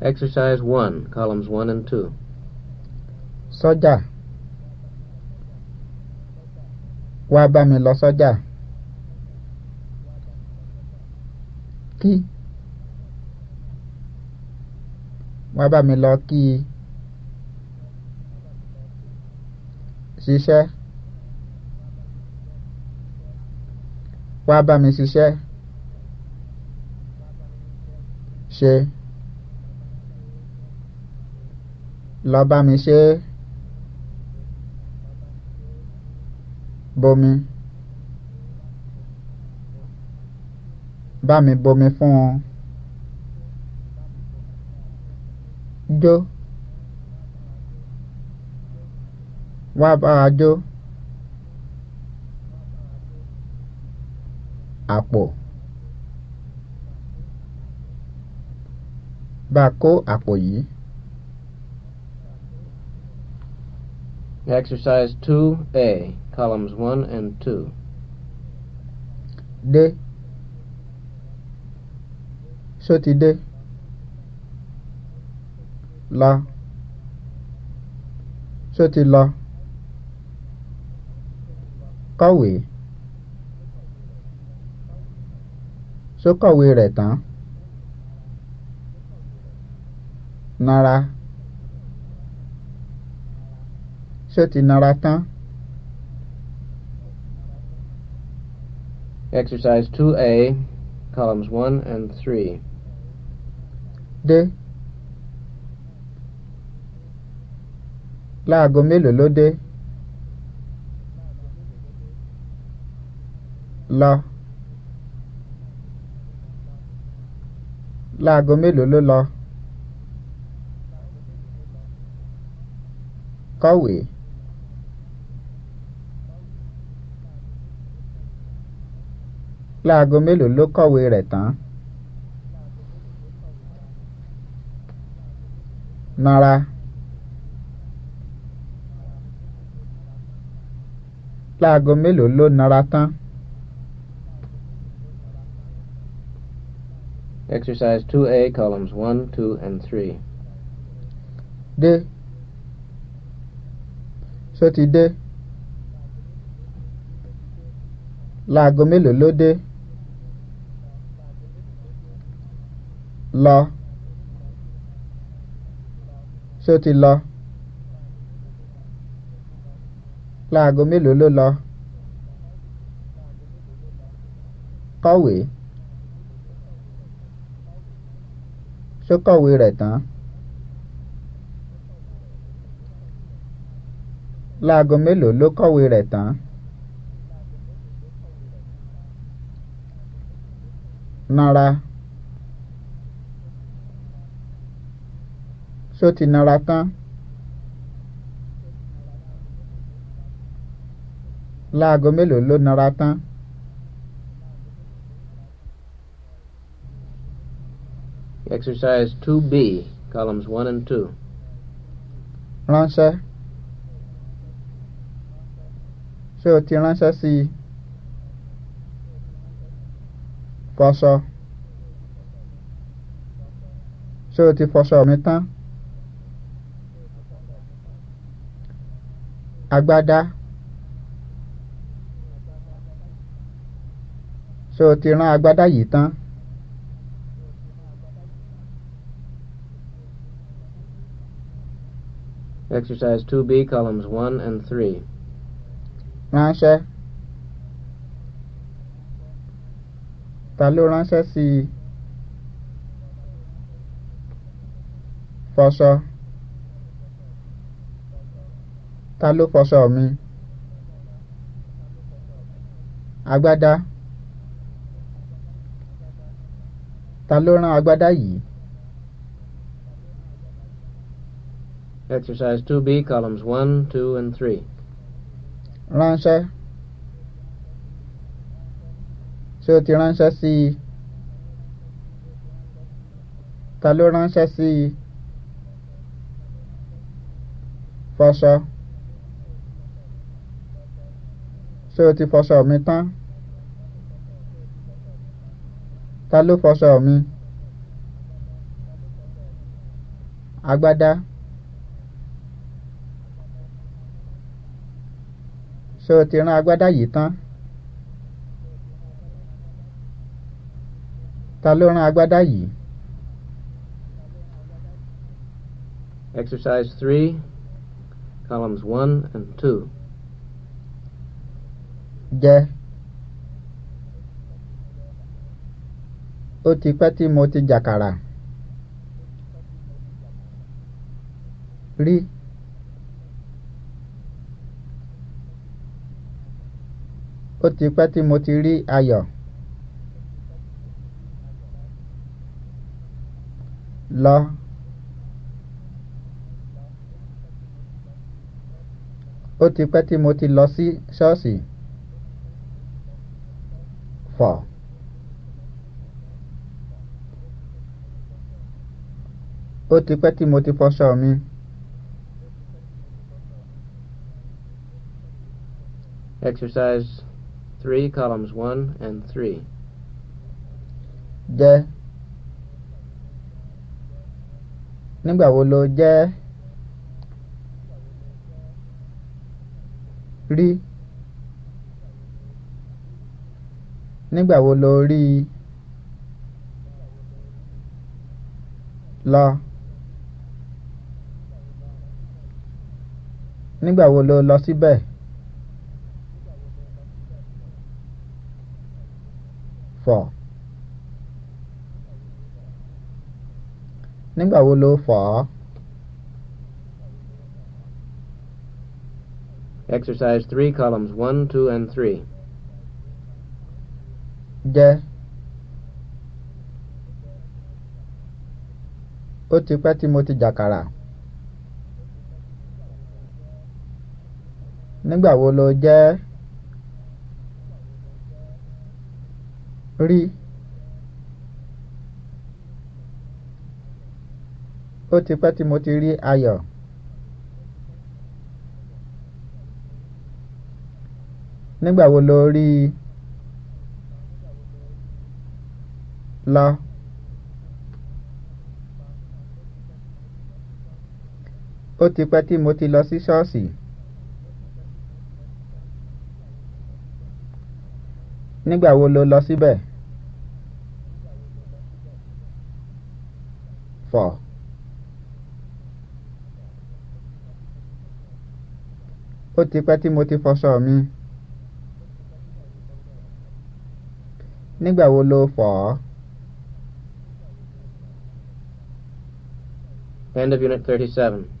Exercise 1, columns 1 and 2. Soja. Wa ba mi lo soja. Ki. Wa ba mi lo ki. i. Wa ba bá mi ṣiṣẹ́. Ṣe. lọ bá mi ṣe é bomi bá mi bomi fún un jó wá bá a jó àpò bá a kó àpò yìí. Exercise 2A, columns 1 and 2. D. Ṣó ti La. Ṣó ti la? Kọ̀wé. Ṣó kọ̀wé rẹ̀ tán? Nara. ṣé ti nara tán. Exercise 2A, columns 1 and 3. Dé. Láago mélòó ló dé? Lọ. Láago mélòó ló lọ? Kọ̀wé. láago mélòó ló kọ̀wé rẹ̀ tán? nara láago mélòó ló nara tán? Exercise two a columns one two and three. Dé. Ṣé ti dé? Láago mélòó ló dé? la ṣé ó ti la láago mélòó ló la kọ̀wé ṣó kọ̀wé rẹ̀ tán láago mélòó ló kọ̀wé rẹ̀ tán. nara ṣó nara tán láago mélòó ló nara tán exercise 2b columns one and two. ránṣẹ́ ṣé o ti ránṣẹ́ sí i fọṣọ ṣé o ti fọṣọ mi tán. agbádá So o ti rán agbádá yìí tán. Exercise two b columns one and three. Ránṣẹ́. Ta ló ránṣẹ́ sí i? Fọṣọ ta ló fọṣọ mi agbádá ta ló rán agbádá yìí. Exercise two b columns one two and three. Ránṣẹ́. Ṣé o ti ránṣẹ́ sí i? Ta ló ránṣẹ́ sí i? Fọṣọ. ṣé o ti fọṣọ mi tán ta ló fọṣọ mi agbádá ṣé o ti rán agbádá yìí tán ta ló rán agbádá yìí. Exercise 3, columns 1 and 2 jẹ́ ó ti pẹ́ tí mo ti jàkàrà rí ó ti pẹ́ tí mo ti rí ayọ̀ lọ ó ti pẹ́ tí mo ti lọ sí ṣọ́ọ̀ṣì. Si Fa. Ó ti pẹ́ tí mo ti fọṣọ mi. Exercise three, columns one and three. Jẹ́. Nígbà wo lo jẹ́? Rí. nígbà wo lo rí i lọ nígbà wo lo lọ síbẹ̀ fọ̀ nígbà wo lo fọ̀ ọ́. Exercise 3, columns 1, 2, and 3. jẹ́ ó ti pẹ́ tí mo ti jàkàrà nígbà wo lo jẹ́ rí ó ti pẹ́ tí mo ti rí ayọ̀. nígbà wo lo rí i la ó ti pẹ́ tí mo ti lọ sí ṣọ́ọ̀ṣì nígbà wo lo lọ síbẹ̀ fọ̀ ó ti pẹ́ tí mo ti fọṣọ mi nígbà wo lo fọ̀ ọ́. End of Unit 37.